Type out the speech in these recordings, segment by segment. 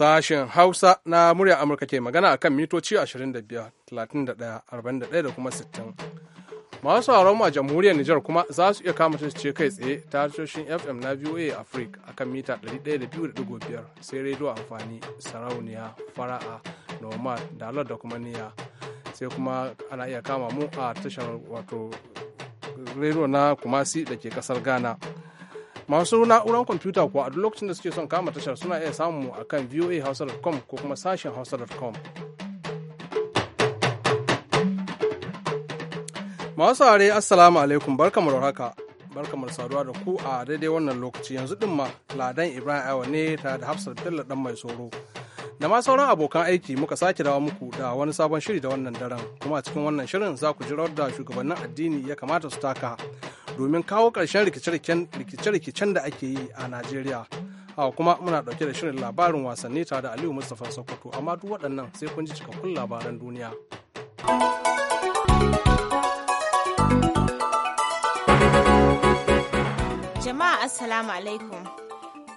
Sashen Hausa na murya Amurka ke magana a kan mitoci 25, 31, da kuma 60. Masu a mu a jamhuriyar Nijar kuma za su iya kama ce kai tsaye ta tashoshin FM na VOA Africa a kan mita 102.5 sai rediyo amfani sarauniya fara'a nomad dalar da kuma niya sai kuma ana iya kama mu a tashar wato rediyo na kumasi da ke kasar Ghana. masu na'urar kwamfuta kuwa a duk lokacin da suke son kama tashar suna iya samun mu a kan voahausa.com ko kuma sashen hausa.com masu saurari assalamu alaikum barkamu da haka barkamu saduwa da ku a daidai wannan lokaci yanzu din ma ladan ibrahim aiwa ne tare da hafsar bello dan mai tsoro da ma sauran abokan aiki muka sake dawo muku da wani sabon shiri da wannan daren kuma a cikin wannan shirin za ku ji rawar da shugabannin addini ya kamata su taka domin kawo ƙarshen rikice-rikicen da ake yi a najeriya haka kuma muna ɗauke da shirin labarin wasanni tare da aliyu mustapha sokoto amma duk waɗannan sai kun ji cikakkun labaran duniya jama'a assalamu alaikum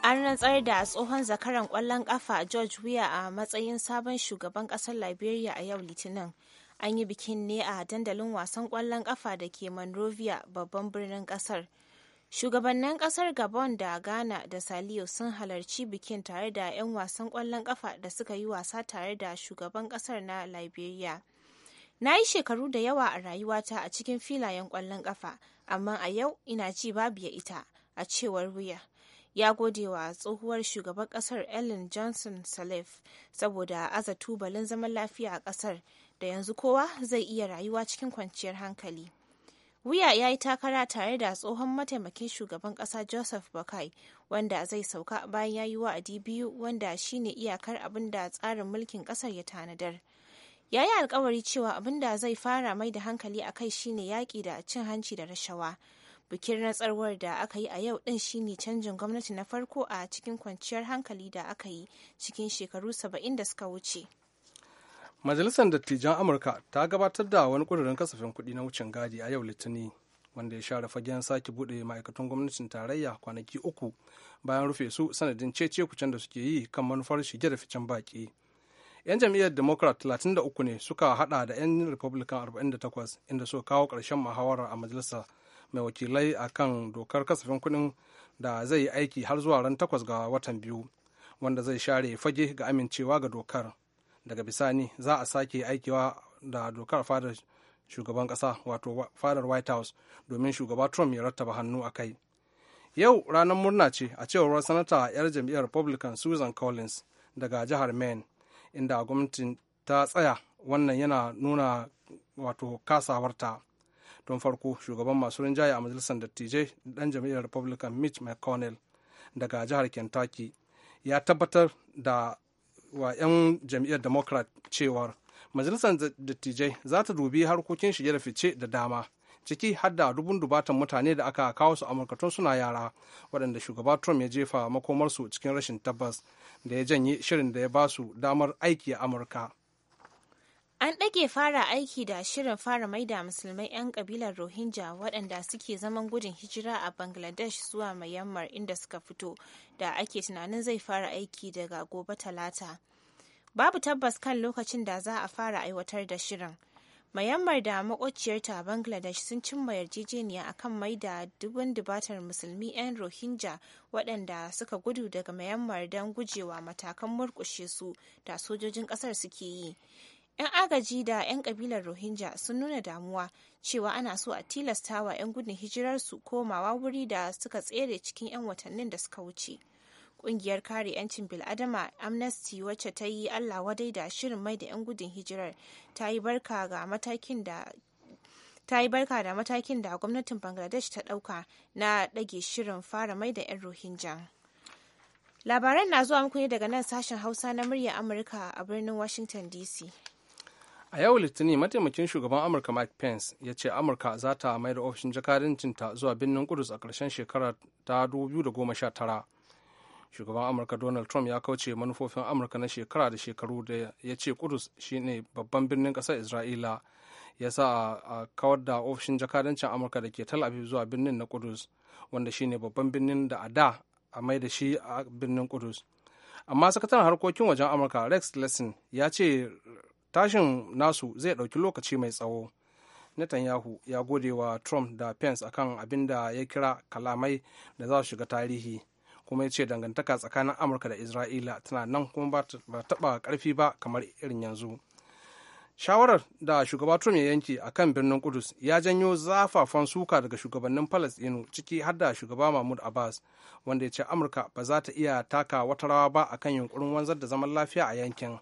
an rantsar da tsohon zakaran kwallon ƙafa, george weah a matsayin sabon shugaban ƙasar liberia a yau litinin An yi bikin ne a dandalin wasan ƙwallon ƙafa da ke Monrovia, babban birnin ƙasar. Shugabannin ƙasar Gabon da Ghana da Saliyo sun halarci bikin tare da 'yan wasan ƙwallon ƙafa da suka yi wasa tare da shugaban ƙasar na Liberia. Na yi shekaru da yawa a rayuwata a cikin filayen ƙwallon ƙafa, amma a yau ina ci babu ya ita, a cewar wuya. Ya gode wa tsohuwar shugaban ƙasar Ellen Johnson salif saboda aza tubalin zaman lafiya a ƙasar da yanzu kowa zai iya rayuwa cikin kwanciyar hankali. Wuya ya yi takara tare da tsohon mataimakin shugaban ƙasa Joseph Bakai, wanda zai sauka bayan ya yi wa'adi biyu wanda shine iyakar abin da tsarin mulkin ƙasar ya tanadar. Ya yi alkawari cewa abin da zai fara mai da hankali a kai shine yaƙi da cin hanci da rashawa. Bikin natsarwar da aka yi a yau ɗin shine canjin gwamnati na farko a cikin kwanciyar hankali da aka yi cikin shekaru saba'in da suka wuce. majalisar dattijan amurka ta gabatar da wani ƙudurin kasafin kuɗi na wucin gadi a yau litinin wanda ya share fagen sake buɗe ma'aikatan gwamnatin tarayya kwanaki uku bayan rufe su sanadin cece kucen da suke yi kan manufar shige da ficen baƙi 'yan jam'iyyar democrat 33 ne suka haɗa da 'yan republican 48 inda suka kawo ƙarshen muhawarar a majalisa mai wakilai a kan dokar kasafin kuɗin da zai yi aiki har zuwa ran takwas ga watan biyu wanda zai share fage ga amincewa ga dokar daga bisani za a sake aikewa da dokar fadar shugaban kasa wato fadar white house domin shugaba trump ya rattaba hannu a kai yau ranar murna ce a cewar sanata yar jam'iyyar republican susan collins daga jihar maine inda gwamnatin ta tsaya wannan yana nuna wato kasawarta don farko shugaban masu rinjaye a majalisar dattijai dan jam'iyyar republican mitch mcconnell daga jihar kentucky ya tabbatar da wa 'yan jam'iyyar democrat cewar majalisar dattijai za ta dubi harkokin shige da fice da dama ciki har da dubun dubatan mutane da aka kawo su amurka tun suna yara waɗanda shugaba trump ya jefa makomarsu cikin rashin tabbas da ya janye shirin da ya ba su damar aiki a amurka An ɗage fara aiki da shirin fara maida musulmai 'yan kabilar Rohingya waɗanda suke zaman gudun hijira a Bangladesh zuwa Myanmar inda suka fito da ake tunanin zai fara aiki daga gobe talata. Babu tabbas kan lokacin da za a fara aiwatar da shirin. Myanmar da a Bangladesh sun cimma yarjejeniya akan maida dubun dubatar musulmi 'yan Rohingya waɗanda suka gudu daga Myanmar don gujewa matakan murƙushe su da sojojin ƙasar suke yi. 'Yan agaji da 'yan kabilar Rohingya sun nuna damuwa cewa ana so a tilasta wa 'yan gudun hijirar su komawa wuri da suka tsere cikin 'yan watannin da suka wuce. Ƙungiyar kare 'yancin bil'adama Amnesty wacce ta yi Allah wadai da shirin mai da 'yan gudun hijirar ta yi barka da matakin da gwamnatin bangladesh ta ɗauka na dage shirin fara mai da 'yan rohingya labaran na zuwa muku ne daga nan sashen hausa na murya amurka a birnin washington dc a yau litinin mataimakin shugaban amurka mike pence ya ce amurka za ta mai da ofishin jakadancinta zuwa birnin kudus a ƙarshen shekara ta 2019 shugaban amurka donald trump ya kauce manufofin amurka na shekara da shekaru da ya ce kudus shine babban birnin ƙasar isra'ila ya sa a kawar da ofishin jakadancin amurka da ke tel zuwa birnin na kudus wanda shine babban birnin da a da a mai da shi a birnin kudus amma sakataren harkokin wajen amurka rex lesson ya ce tashin nasu zai ɗauki lokaci mai tsawo netanyahu ya gode wa trump da pence akan abin da ya kira kalamai da za su shiga tarihi kuma ya ce dangantaka tsakanin amurka da isra'ila tana nan kuma ba taɓa karfi ba kamar irin yanzu shawarar da shugaba trump ya yanke akan birnin kudus ya janyo zafafan suka daga shugabannin palestinu ciki har da shugaba mahmud abbas wanda ya ce amurka ba za ta iya taka wata rawa ba akan yunkurin wanzar da zaman lafiya a yankin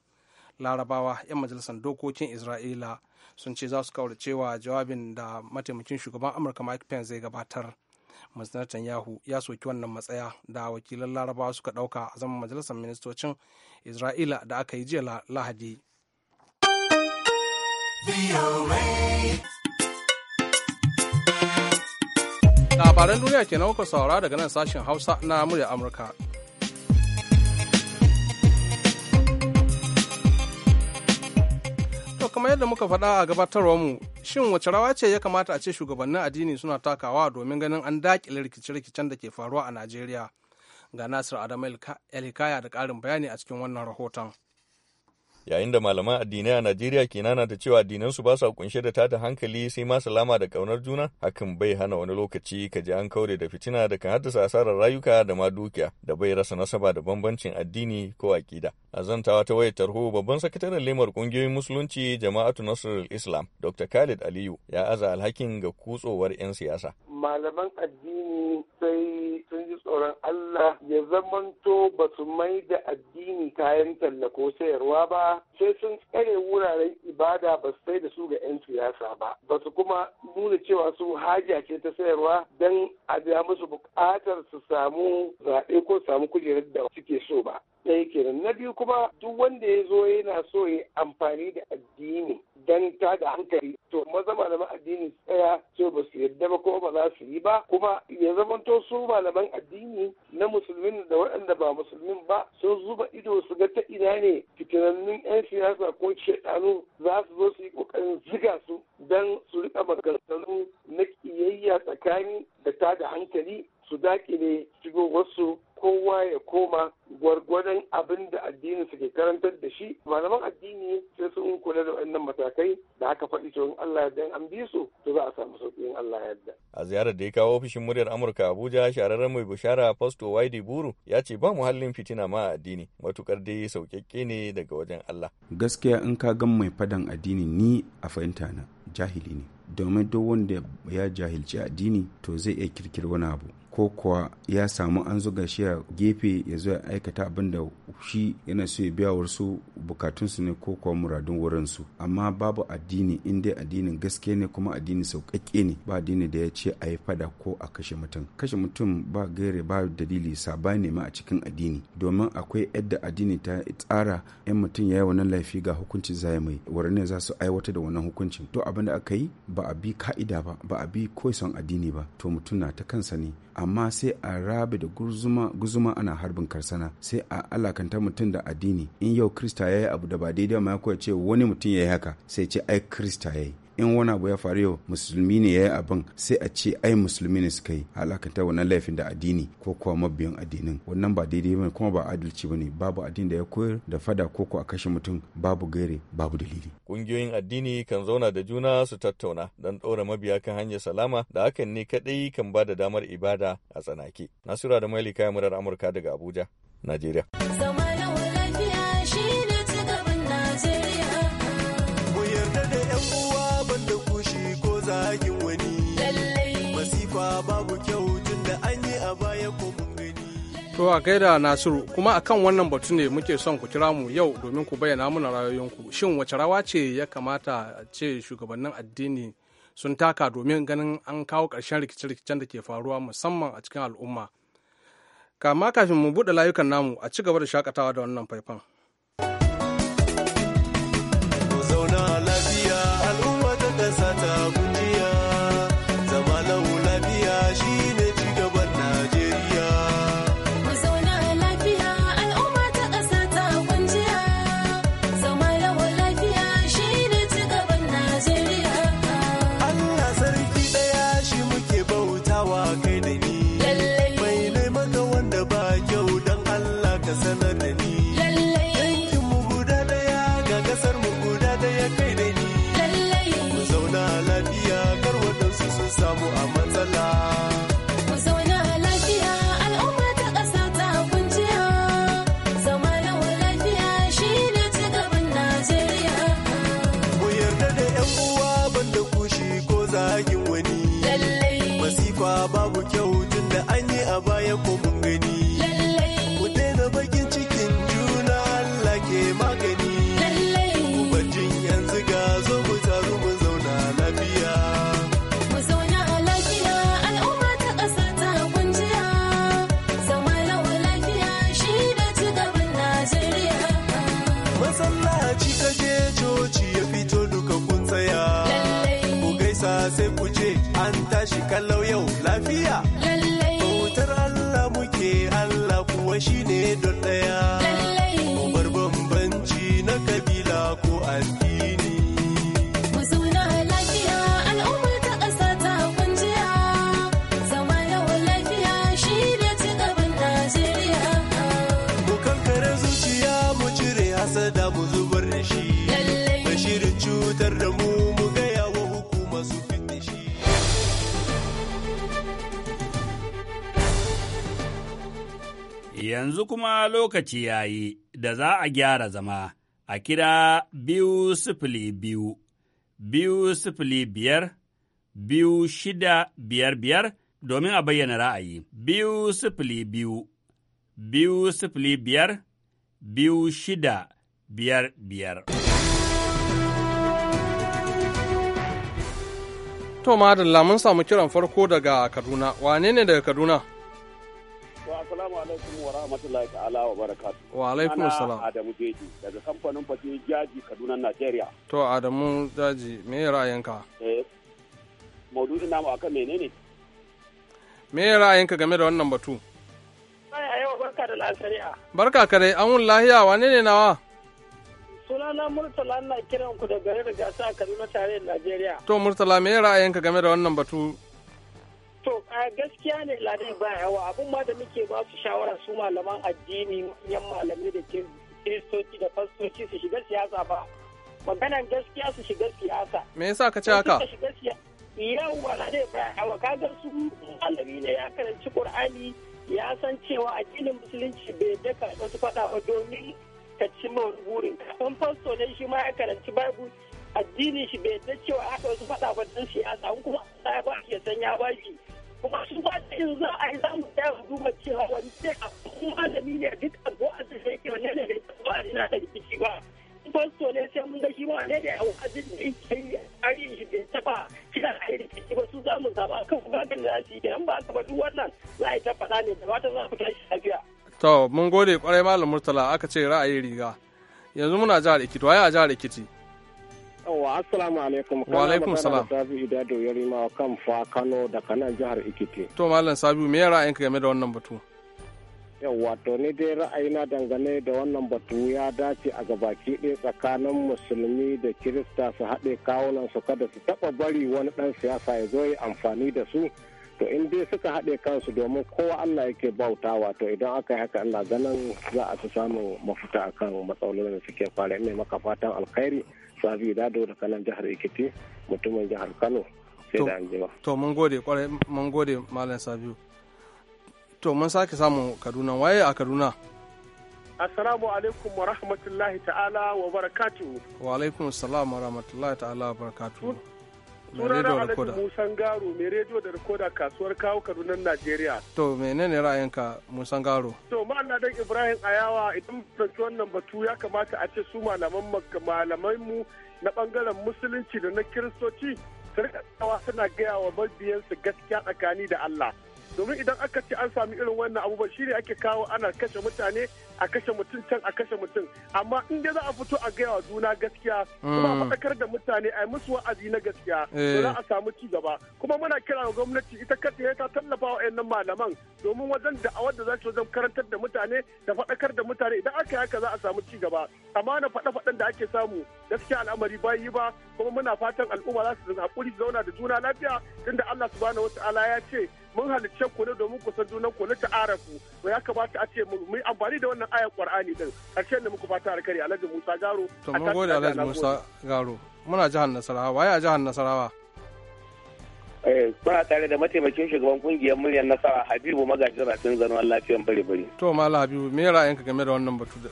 larabawa 'yan majalisar dokokin isra'ila sun ce za su cewa jawabin da mataimakin shugaban amurka mike pence zai gabatar masanatan yahu ya soki wannan matsaya da wakilan larabawa suka dauka a zaman majalisar ministocin isra'ila da aka yi jiya lahadi labaran duniya kenan kuka saura daga nan sashen hausa na murya amurka kamar yadda muka faɗa a gabatarwar mu shin wace rawa ce ya kamata a ce shugabannin addini suna takawa domin ganin an daƙile rikice-rikicen da ke faruwa a Najeriya? Ga Nasir adamu Elhikaya da ƙarin bayani a cikin wannan rahoton. yayin da malaman addinai a Najeriya ke nana da cewa addinansu ba sa kunshe da tata hankali sai ma salama da kaunar juna hakan bai hana wani lokaci ka ji an kaure da fitina da kan haddasa asarar rayuka da ma dukiya da bai rasa nasaba da bambancin addini ko akida a zantawa ta wayar tarho babban sakataren lemar kungiyoyin musulunci jama'atu nasrul islam dr khalid aliyu ya aza alhakin ga kutsowar 'yan siyasa malaman addini sai sun ji tsoron Allah ya zamanto ba su mai da addini kayan talla ko sayarwa ba sai sun tsare wuraren ibada ba sai da su ga 'yan siyasa ba ba su kuma nuna cewa su haja ce ta sayarwa don a biya musu bukatar su samu zaɓe ko samu kujerar da suke so ba ɗaya kenan na biyu kuma duk wanda ya zo yana so ya amfani da addini dan ta da hankali to maza malaman addini tsaya so ba su yarda ba kuma ba za su yi ba kuma ya zamanto su malaman addini na musulmin da waɗanda ba musulmin ba sun zuba ido su ga ta ina ne fitinannun 'yan siyasa ko shaɗanu za su zo su yi ƙoƙarin ziga su dan su riƙa maganganu na ƙiyayya tsakani da ta da hankali su daƙile shigo wasu kowa ya koma shi malaman addini sai sun kula da wannan matakai da aka faɗi to in Allah yarda an bi su to za a samu sauƙi in Allah yarda a ziyarar da ya kawo ofishin muryar Amurka Abuja shararren mai bushara, Pastor Wide Buru ya ce ba muhallin fitina ma addini matukar dai sauƙaƙƙe ne daga wajen Allah gaskiya in ka gan mai fadan addini ni a fahimta na jahili ne domin duk wanda ya jahilci addini to zai iya kirkiri wani abu ko kuwa ya samu an zuga shi a gefe ya zo ya aikata abin da shi yana so ya biya wasu bukatunsu ne ko kuwa muradun wurinsu amma babu addini in dai addinin gaske ne kuma addini sauƙaƙe ne ba addini da ya ce a yi fada ko a kashe mutum kashe mutum ba gare ba dalili saba ne ma a cikin addini domin akwai yadda addini ta tsara yan mutum ya yi wannan laifi ga hukuncin zai mai ne za su aiwatar da wannan hukuncin to abin da aka yi ba a bi ka'ida ba ba a bi koson addini ba to mutum na ta kansa ne amma sai a rabe da guzuma ana harbin karsana sai a alakanta danganta mutum da addini in yau krista ya yi abu da ba daidai ma ya ce wani mutum ya yi haka sai ce ai krista ya yi in wani abu ya faru yau musulmi ne ya yi abin sai a ce ai musulmi ne suka yi alakanta wannan laifin da addini ko kuwa mabiyan addinin wannan ba daidai ba kuma ba adalci ba ne babu addini da ya koyar da fada ko ko a kashe mutum babu gaire babu dalili kungiyoyin addini kan zauna da juna su tattauna don ɗora mabiya kan hanyar salama da hakan ne kaɗai kan ba da damar ibada a tsanake nasura da mailika murar amurka daga abuja najeriya babu da an yi a ko gani. To a gaida Nasiru kuma akan wannan batu ne muke son ku kira mu yau domin ku bayyana muna ra'ayoyinku. Shin wace rawa ce ya kamata ce shugabannin addini sun taka domin ganin an kawo ƙarshen rikice-rikicen da ke faruwa musamman a cikin al'umma Kama kafin mu buɗe layukan namu a ci gaba da shakatawa da wannan faifan. yanzu kuma lokaci ya yi da za a gyara zama a kira biyu sifili biyu, biyu sifili biyar, biyu shida biyar biyar domin a bayyana ra'ayi, biyu sifili biyu, biyu sifili biyar, biyu shida biyar biyar. To, Madalla, mun samu kiran farko daga Kaduna, wane ne daga Kaduna? assalamu alaikum wa rahmatullahi ta'ala wa barakatu. Wa alaikum assalam. Ana Adamu Jeji daga kamfanin fashe jaji Kaduna Najeriya. To Adamu Jaji me ra'ayinka? Eh maudu'in namu akan menene? Me ra'ayinka game da wannan batu? Ai yau barka da lafiya. Barka kare an wun lahiya wane ne nawa? Sunana Murtala ina kiran ku da garin Kaduna tare da Najeriya. To Murtala me ra'ayinka game da wannan batu? To a gaskiya ne ladin ba yawa abin ma da muke ba su shawara su malaman addini manyan malamai da kiristoci da fastoci su shiga siyasa ba. Maganan gaskiya su shiga siyasa. Me yasa ka ce haka? Yawwa ladan ba yawa ga su malami ne ya karanci Qur'ani ya san cewa addinin musulunci bai daka wasu faɗa ba domin ka ci burin ka. fasto ne shi ma ya karanci Bible addinin shi bai ta cewa aka wasu faɗa ba dan a an kuma Allah ya ba shi ya san ya ba kuma su ba ta za a yi za mu tsaya mu duba cewa wani sai a kuma da ne duk addu'a da yake wani ne bai ba ina da rikici ba su ne sai mun ga shi ma ne da wa'azin da yake yi shi bai taba kira a yi rikici ba su za mu zaba kan kuma kan da shi ba ka ba duk wannan za a yi ta faɗa ne da ba ta za ku tashi lafiya. To mun gode kwarai malam Murtala aka ce ra'ayi riga yanzu muna jihar Ekiti waye a jihar Ekiti. Wa assalamu alaikum. Wa alaikum salam. Sabi Idado Yarima kan fa Kano da kanan jihar Ikiti. To Malam Sabiu me ra'ayinka game da wannan batu? Yawwa to ni dai ra'ayina dangane da wannan batu ya dace a gabaki ɗaya tsakanin musulmi da kirista su haɗe kawunan su kada su taɓa bari wani ɗan siyasa ya zo ya amfani da su to in dai suka haɗe kansu domin kowa Allah yake bautawa to idan aka yi haka Allah ganin za a su samu mafita akan matsalolin da suke fara ne maka fatan alkhairi sabi dado da kanan jihar ekiti mutumin jihar kano sai da anjima to mun gode kwarai mun gode malam sabiu to mun sake samun kaduna waye a kaduna assalamu alaikum wa rahmatullahi ta'ala wa barakatu wa alaikum assalam wa rahmatullahi ta'ala wa barakatu sunana alhaji musan garo mai rediyo da rikoda kasuwar kawo kaduna najeriya to menene ra'ayinka musan garo to ma'ana dan ibrahim ayawa idan fahimci wannan batu ya kamata a ce su malaman malamai mu na bangaren musulunci da na kiristoci su rika suna gaya wa mabiyansu gaskiya tsakani da allah domin idan aka ce an sami irin wannan abubuwa shi ne ake kawo ana kashe mutane a kashe mutum can a kashe mutum amma in dai za a fito a gaya wa juna gaskiya kuma a mm. faɗakar da mutane a yi musu wa'azi na gaskiya eh. za a samu ci gaba kuma muna kira ga gwamnati ita kace ta tallafa wa ƴan malaman domin wajen da'awar da za su wajen karantar da mutane da faɗakar da mutane idan aka yi haka za a samu ci gaba amma na faɗe-faɗen da ake samu gaskiya al'amari yi ba kuma muna fatan al'umma za su haƙuri zauna da juna lafiya tunda Allah subhanahu wata'ala ya ce mun halicce ku ne domin ku san junan ku na ta'arafu ba ya kamata a ce mu yi amfani da wannan ayar Qur'ani din karshe ne muku fata alkari Alhaji Musa Garo to mun gode Alhaji Musa Garo muna jihar Nasarawa waye a jihar Nasarawa eh, Kuna tare da mataimakin shugaban kungiyar muryar nasara Habibu magajin rafin zanuwan lafiyan bare-bare. To Mala Habibu, me ra'ayinka game da wannan batu da?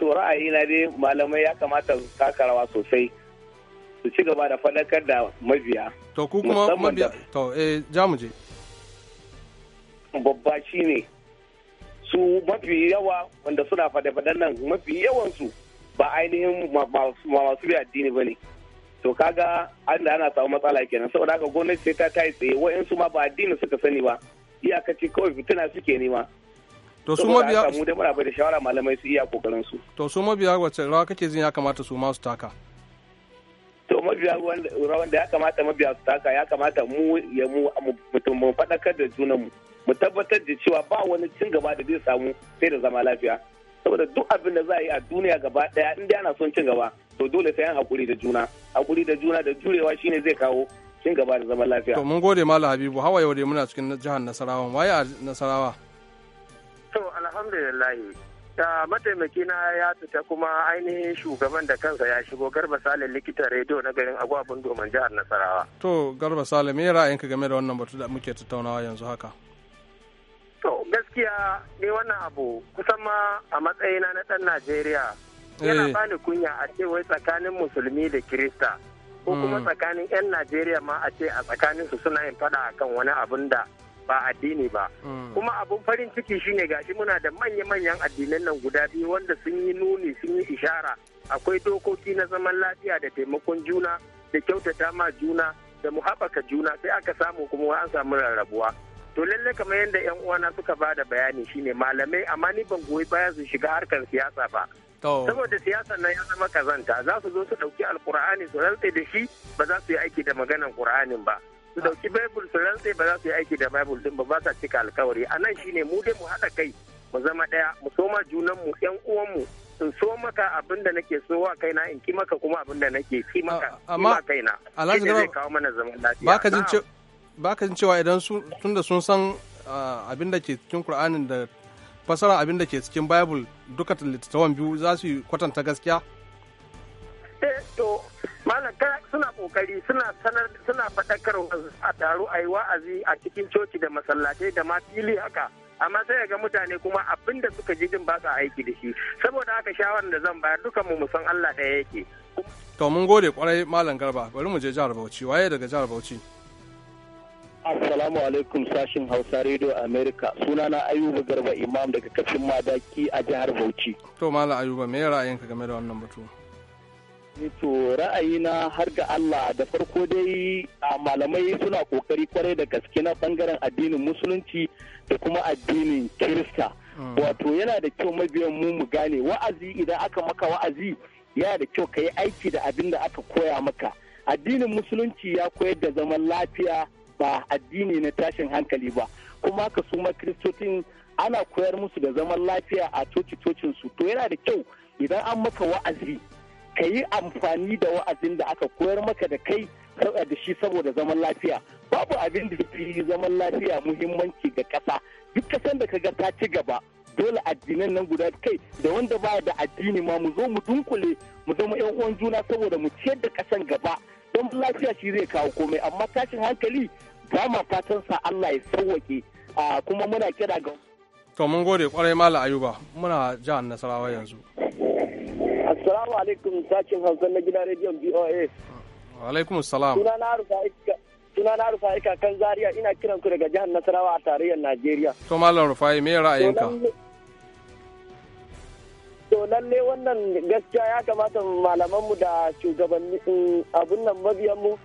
To ra'ayi na dai malamai ya kamata su taka rawa sosai. su ci gaba da faɗakar da mabiya. To ku kuma mabiya to eh ja mu je. Babba shi ne su mafi yawa wanda suna fadafadan nan mafi yawansu ba ainihin masu bi addini ba ne. to kaga an da ana samu matsala kenan saboda haka gwamnati sai ta tayi tsaye wa'yansu ma ba addini suka sani ba iyakaci kawai fitina suke nema to su mabiya mu da muna bai da shawara malamai su iya kokarin su to su mabiya wace rawa kake jin ya kamata su ma su taka to mabiya rawan da ya kamata mabiya su taka ya kamata mu ya mu mutum mu faɗakar da junan mu mu tabbatar da cewa ba wani cin gaba da zai samu sai da zama lafiya saboda duk abin da za a yi a duniya gaba daya in dai ana son cin gaba to dole sai an hakuri da juna hakuri da juna da jurewa shine zai kawo cin gaba da zaman lafiya to mun gode malam habibu hawa yau dai muna cikin jihar nasarawa waye a nasarawa to alhamdulillah mataimaki na ya fita kuma ainihin shugaban da kansa ya shigo garba Salim, likitan rediyo na garin agwabun domin jihar nasarawa to garba sale me ra'ayinka game da wannan batu da muke tattaunawa yanzu haka to gaskiya ne wannan abu kusan ma a matsayina na dan najeriya yana eh. bani kunya a ce wai tsakanin musulmi da kirista ko kuma mm. tsakanin 'yan najeriya ma a ce a tsakaninsu suna yin fada akan wani abun da ba addini ba mm. kuma abun farin ciki shine gashi muna da manya-manyan addinan nan guda biyu wanda sun yi nuni sun yi ishara akwai dokoki na zaman lafiya da taimakon juna da kyautata ma juna da mu juna sai aka samu kuma an samu rarrabuwa to lalle kamar yadda yan uwana suka ba da bayani shine malamai amma ni ban goyi baya su shiga harkar siyasa ba saboda siyasa nan ya zama kazanta za su zo su ɗauki alkur'ani su rantse da shi ba za su yi aiki da maganan kur'anin ba su dauki bible su rantse ba za su yi aiki da bible din ba ba sa cika alkawari a nan shine mu dai mu haɗa kai mu zama ɗaya mu soma junanmu yan uwanmu in so maka abin da nake so wa kaina in ki maka kuma abin da nake ki maka amma kaina alhaji zai kawo mana zaman lafiya baka jin cewa baka jin cewa idan tunda sun san ah, abin da ke cikin Qur'anin da fasara abin da ke cikin Bible duka litattawan biyu za su kwatanta gaskiya ce eh, to malam suna kokari suna sanar suna fadakar a taro ayi wa'azi a cikin coci da masallatai da ma fili haka amma sai ga mutane kuma abin da suka ji jin ba sa aiki da shi saboda haka shawarar da zan bayar dukan mu san Allah da yake to mun gode kwarai malam garba bari mu je jihar Bauchi waye daga jihar Bauchi Assalamu alaikum sashin Hausa Radio America sunana Ayuba Garba Imam daga kafin Madaki a jihar Bauchi to malam Ayuba me ra'ayinka game da wannan batu Eh, to ra'ayina har ga Allah da farko dai a malamai suna kokari kwarai da gaske na bangaren addinin musulunci da kuma addinin kirista. Mm. Wato yana da kyau mabiyan mu mu gane wa'azi idan aka maka wa'azi yana da kyau ka yi aiki da abin da aka koya maka. Addinin musulunci ya koyar da zaman lafiya ba addini na tashin hankali ba. Kuma ka suma kiristocin ana koyar musu da zaman lafiya a coci-cocinsu. To yana da kyau idan an maka wa'azi ka yi amfani da wa'azin da aka koyar maka da kai karɓa da shi saboda zaman lafiya babu abin da fi zaman lafiya muhimmanci ga ƙasa duk kasan da kaga ta ci gaba dole addinan nan guda kai da wanda ba da addini ma mu zo mu dunkule mu zama yan uwan juna saboda mu ciyar da ƙasan gaba don lafiya shi zai kawo komai amma tashin hankali ba ma fatan sa Allah ya sauwake kuma muna kira ga to mun gode kwarai mala ayuba muna jihar nasarawa yanzu Assalamu alaikum sashen Hausa na gidan rediyon BOA. Alaikum salam. Suna na Rufai kakan Zaria ina kiran ku daga jihar Nasarawa a tarayyar Najeriya. To Malam Rufai me ra'ayinka? To lalle wannan gaskiya ya kamata malamanmu da shugabanni mm, abun nan mabiyanmu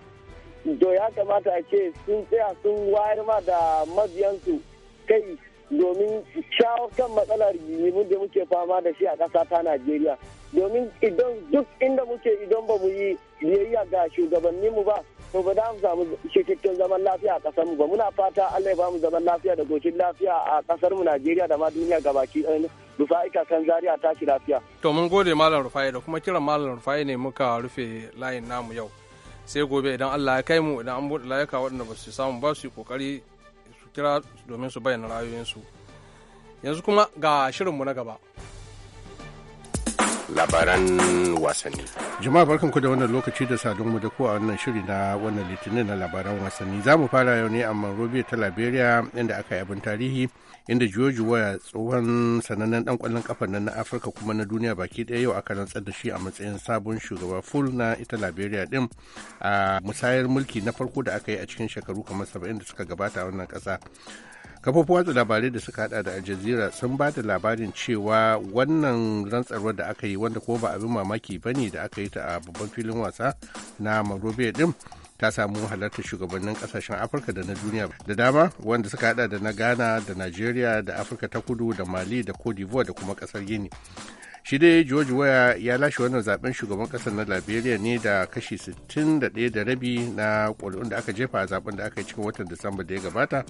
to ya kamata a ce sun tsaya sun wayar ma da mabiyansu kai domin shawo kan matsalar yiwu da muke fama da shi a ƙasa ta Najeriya. Domin idan duk inda muke idan ba mu yi biyayya ga mu ba, to ba za mu samu cikakken zaman lafiya a ƙasar mu ba. Muna fata Allah ya ba mu zaman lafiya da gocin lafiya a ƙasar mu Najeriya da ma duniya gabaki ɗaya. Rufa'i kan zaria ta ci lafiya. To mun gode Malam Rufa'i da kuma kiran Malam Rufa'i ne muka rufe layin namu yau. Sai gobe idan Allah ya kai mu idan an buɗe layuka waɗanda ba su samu ba su yi ƙoƙari kira domin su bayyana ra'ayoyinsu yanzu kuma ga shirin shirinmu na gaba labaran wasanni. Jama'a barkanku da wannan lokaci da mu da ku a wannan shiri na wannan litinin na labaran wasanni. Za mu fara yau ne a Monrovia ta Liberia inda aka yi abin tarihi inda George Weah tsohon sanannen dan kwallon kafa nan na Afirka kuma na duniya baki ɗaya yau aka rantsar da shi a matsayin sabon shugaba full na ita Liberia din a musayar mulki na farko da aka yi a cikin shekaru kamar saba'in da suka gabata a wannan kasa kafofin watsa labarai da suka hada da aljazeera sun ba da labarin cewa wannan rantsarwar da aka yi wanda kuma ba abin mamaki ba ne da aka yi ta a babban filin wasa na monrovia din ta samu halartar shugabannin kasashen afirka da na duniya da dama wanda suka hada da na ghana da nigeria da afirka ta kudu da mali da cote d'ivoire da kuma kasar gini shi dai george waya ya lashe wannan zaben shugaban kasar na liberia ne da kashi 61 da rabi na ƙuri'un da aka jefa a zaben da aka yi cikin watan disamba da ya gabata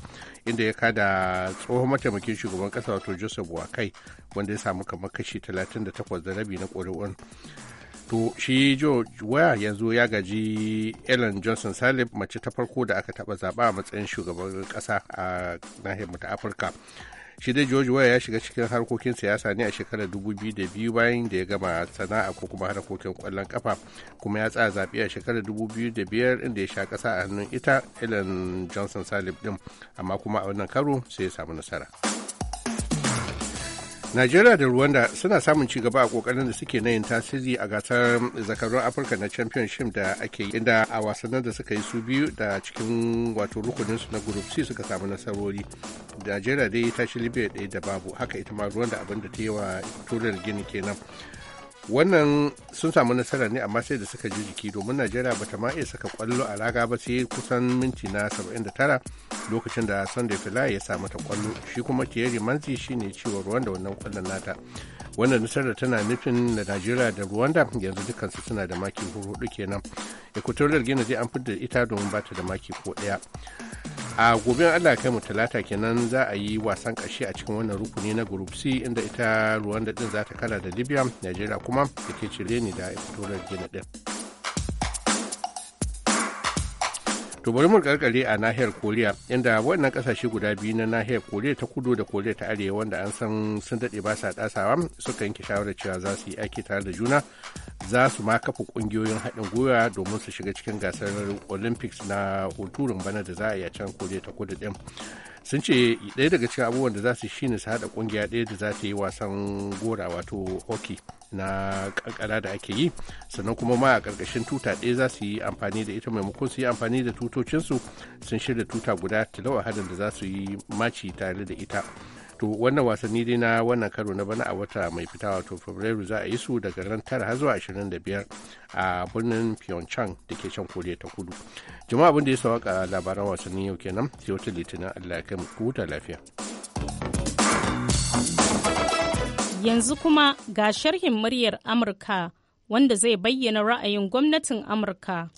inda ya kada tsohon mataimakin shugaban kasa wato joseph wakai wanda ya samu kamar kashi 38 da rabi na ƙuri'un to shi george waya yanzu ya gaji ellen johnson salib mace ta farko da aka taba zaba a matsayin shugaban kasa a nahiyar ta afirka shi dai george waya ya shiga cikin harkokin siyasa ne a shekarar 2002 bayan da ya gama sana'a ko kuma harkokin kwallon kafa kuma ya tsaya zaɓe a shekarar 2005 inda ya sha kasa a hannun ita ellen johnson salib din amma kuma a wannan karo sai ya samu nasara. Najeriya da Rwanda suna samun ci gaba a kokarin da suke na yin tasiri a gasar zakarun Afirka na Championship da ake yi inda a wasannin da suka yi su biyu da cikin wato rukunin su na Group C suka samu nasarori. Najeriya dai ta shi Libya ɗaya da babu haka ita ma Rwanda abin da ta yi wa turar gini kenan. wannan sun samu nasara ne amma sai da suka ji jiki domin najeriya bata ma iya saka kwallo a raga ba sai kusan minti na 79 lokacin da sunday fila ya samu ta kwallo shi kuma thierry manzi shine cewa rwanda wannan kwallon nata wannan nasarar tana nufin na najeriya da rwanda yanzu dukansu suna da maki hudu kenan equatorial gina zai an fidda ita domin bata da maki ko daya a gobe allah kai mu talata kenan za a yi wasan ƙashi a cikin wannan rukuni na group c inda ita ruwan din za ta kala da libya najeriya kuma da ke cire ne da equatorial guinea din To bari mu karkare a nahiyar Koriya inda wannan kasashe guda biyu na nahiyar Koriya ta kudu da Koriya ta arewa wanda an san sun daɗe ba sa ɗasawa suka yanke shawarar cewa za su yi aiki tare da juna za su ma kafa kungiyoyin haɗin gwiwa domin su shiga cikin gasar Olympics na hunturun bana da za a yi a can Koriya ta kudu ɗin. sun ce ɗaya daga cikin abubuwan da za su shine su haɗa ƙungiya ɗaya da za ta yi wasan gora wato hockey na ƙanƙara da ake yi sannan kuma ma a ƙarƙashin tuta ɗaya za su yi amfani da ita maimakon su yi amfani da tutocinsu sun shirya tuta guda tilawa hadin da za su yi maci tare da ita to wannan wasanni dai na wannan karo na bana a wata mai fita wato fabrairu za a yi su daga ran tara har zuwa 25 a birnin pyeongchang da ke can koriya ta kudu jama'a abin da ya sawaka labaran wasanni yau kenan sai wata litinin allah ya kai mu huta lafiya yanzu kuma ga sharhin muryar amurka wanda zai bayyana ra'ayin gwamnatin amurka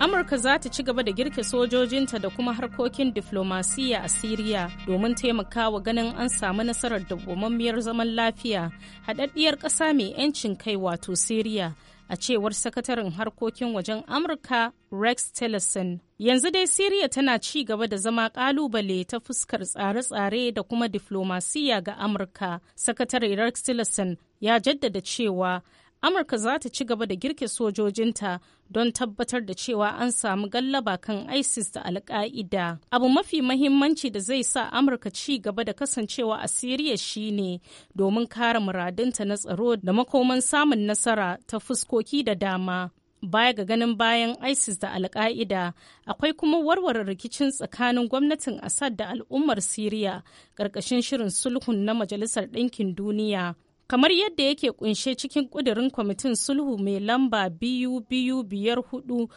amurka za ta ci gaba da girke sojojinta da kuma harkokin diflomasiyya a siriya domin taimakawa ganin an samu nasarar dawwammamiyar zaman lafiya haɗaɗɗiyar ƙasa mai 'yancin kai wato siriya a cewar sakataren harkokin wajen amurka rex tillerson yanzu dai siriya tana ci gaba da zama kalubale ta fuskar tsare-tsare da kuma diflomasiya ga amurka sakatare rex tillerson ya jaddada cewa amurka za ta ci gaba da girke sojojinta don tabbatar da cewa an samu gallaba kan isis da alka'ida abu mafi mahimmanci da zai sa amurka ci gaba da kasancewa a siriya shine domin kare muradinta na tsaro da makoman samun nasara ta fuskoki da dama baya ga ganin bayan isis da alka'ida akwai kuma warware rikicin tsakanin gwamnatin assad da al'ummar siriya ƙarƙashin shirin sulhun na majalisar ɗinkin duniya kamar yadda yake kunshe cikin kudirin kwamitin sulhu mai lamba biyu biyu biyar hudu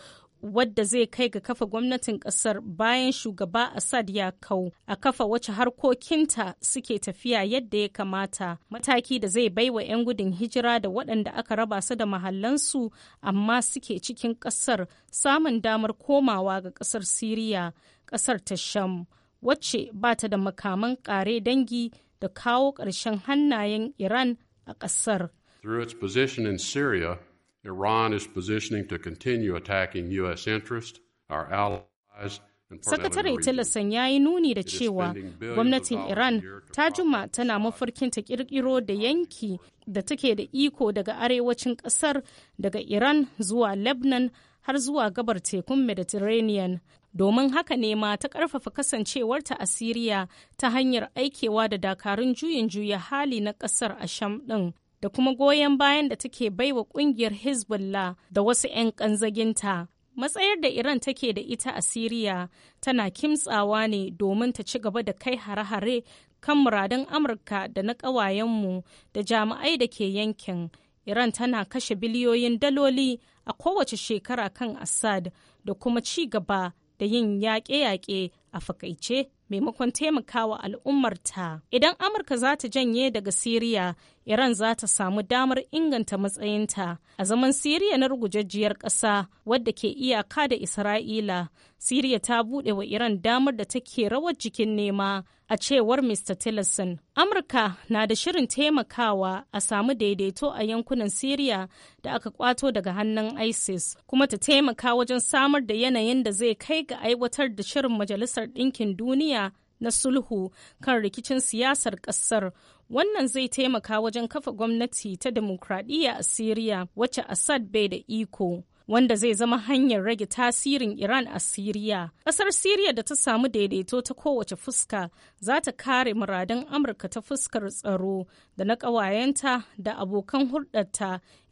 wadda zai kai ga kafa gwamnatin kasar bayan shugaba Assad ya kau a kafa wacce harkokinta suke tafiya yadda ya kamata mataki da zai baiwa 'yan gudun hijira da waɗanda aka raba su da mahallansu amma suke cikin kasar samun damar komawa ga kasar Siriya kasar ta Sham wacce ba ta da makaman ƙare dangi da kawo ƙarshen hannayen Iran a ƙasar. Through its position in Syria, Iran is positioning to continue attacking U.S. interest, our allies, Sakatare Tillerson ya yi nuni da cewa gwamnatin Iran ta juma tana mafarkin ta kirkiro da yanki da take da iko daga arewacin kasar daga Iran zuwa Lebanon har zuwa gabar tekun Mediterranean domin haka ne ma ta ƙarfafa kasancewarta a Siriya ta hanyar aikewa da dakarun juyin juya hali na ƙasar a Sham ɗin da kuma goyon bayan da take baiwa ƙungiyar Hezbollah da wasu 'yan ƙanzaginta. Matsayar da Iran take da ita a Siriya tana kimtsawa ne domin ta ci gaba da kai hare-hare kan muradun Amurka da na ƙawayenmu da jami'ai da ke yankin. Iran tana kashe biliyoyin daloli a kowace shekara kan Assad da kuma ci gaba da yin yaƙe-yaƙe a fakaice maimakon taimakawa al'ummarta. Idan Amurka za ta janye daga Siriya Iran za ta samu damar inganta matsayinta a zaman Siriya na rugujajjiyar ƙasa wadda ke iyaka da Isra'ila. Siriya ta buɗe wa Iran damar da take rawar jikin nema a cewar Mr. Tillerson. Amurka na da shirin taimakawa a samu daidaito a yankunan Siriya da aka kwato daga hannun ISIS kuma ta taimaka wajen samar da yanayin da zai kai ga aiwatar da shirin Majalisar Ɗinkin Duniya na sulhu kan rikicin siyasar ƙasar. Wannan zai taimaka wajen kafa gwamnati ta demokradiyya a Siriya wacce Assad bai da iko. Wanda zai zama hanyar rage tasirin Iran a Siriya. Ƙasar Siriya da ta samu daidaito ta kowace fuska za ta kare muradun Amurka ta fuskar tsaro da na ƙawayenta da abokan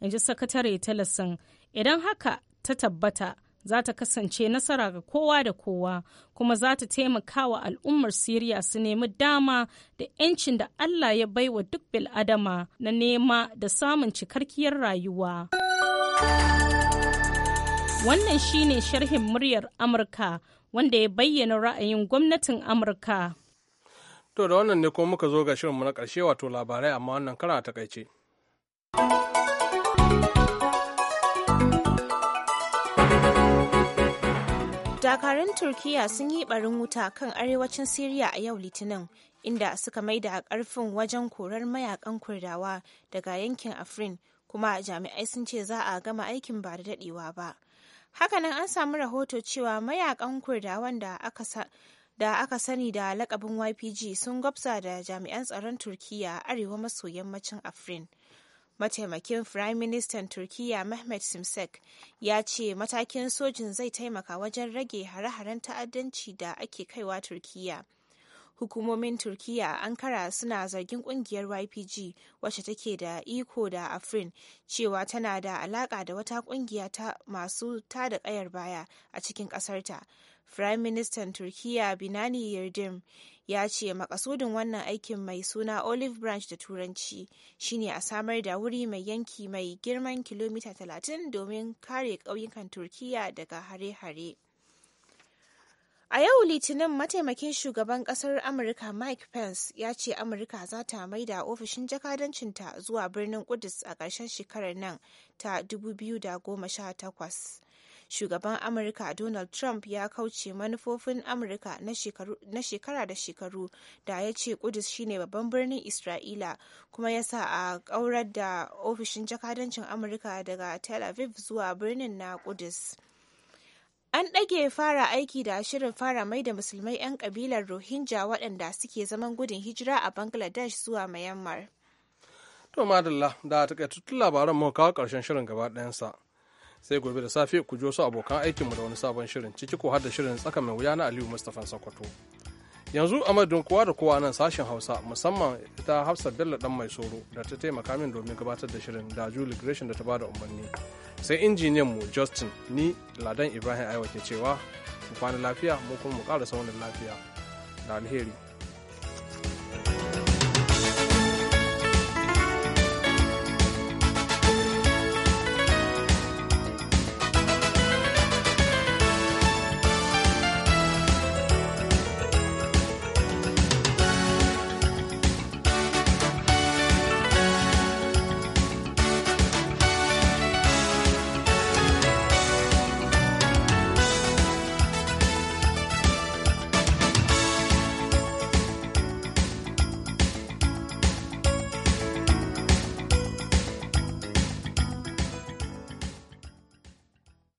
in ji Sakatare talasin Idan haka ta tabbata, za ta kasance nasara ga kowa da kowa kuma za ta taimaka wa al'ummar siriya su nemi dama da 'yancin da allah ya bai wa duk bil'adama na nema da samun cikarkiyar rayuwa wannan shine sharhin muryar amurka wanda ya bayyana ra'ayin gwamnatin amurka to da wannan ne kuma muka zo ga shirinmu na ƙarshe wato labarai amma wannan kara takaice. dakarun turkiyya sun yi barin wuta kan arewacin siriya a yau litinin inda suka maida karfin wajen korar mayakan kurdawa daga yankin afrin kuma jami'ai sun ce za a gama aikin ba da dadewa ba hakanan an samu rahoto cewa mayakan kurdawan da aka da aka sani da lakabin ypg sun gwabza da jami'an tsaron turkiya arewa maso yammacin afrin mataimakin firayim ministan turkiyya mehmet simsek ya ce matakin sojin zai taimaka wajen rage hare-haren ta'addanci da ake kaiwa turkiyya hukumomin turkiyya a ankara suna zargin kungiyar ypg wacce take da iko da afrin cewa tana da alaka da wata kungiya ta masu tada kayar baya a cikin kasarta firayim ministan turkiyya binani yardim ya ce makasudin wannan aikin mai suna olive branch da turanci shine a samar da wuri mai yanki mai girman kilomita 30 domin kare ƙauyukan turkiya daga hare-hare a yau litinin mataimakin shugaban kasar amurka mike pence ya ce amurka za ta maida ofishin jakadancinta zuwa birnin kudus a ƙarshen shekarar nan ta 2018 shugaban amurka donald trump ya kauce manufofin amurka na shekara da shekaru da ya ce kudus shine babban birnin isra'ila kuma ya sa a kaurar da ofishin jakadancin amurka daga tel aviv zuwa birnin na kudus An ɗage fara aiki da shirin fara mai da musulmai 'yan ƙabilar Rohingya waɗanda suke zaman gudun hijira a Bangladesh zuwa Myanmar. To madalla da takaitattun labaran mu kawo ƙarshen shirin gaba ɗayansa. sai gobe da safe ku ji wasu abokan aikinmu da wani sabon shirin ciki ko har da shirin tsaka mai wuya na aliyu mustapha sokoto yanzu a madadin kowa da kowa nan sashen hausa musamman ita hafsat bello dan mai soro da ta taimaka min domin gabatar da shirin da julie gresham da ta bada umarni sai injiniyan mu justin ni ladan ibrahim aiwa ke cewa mu kwana lafiya mu kuma mu kara saunin lafiya da alheri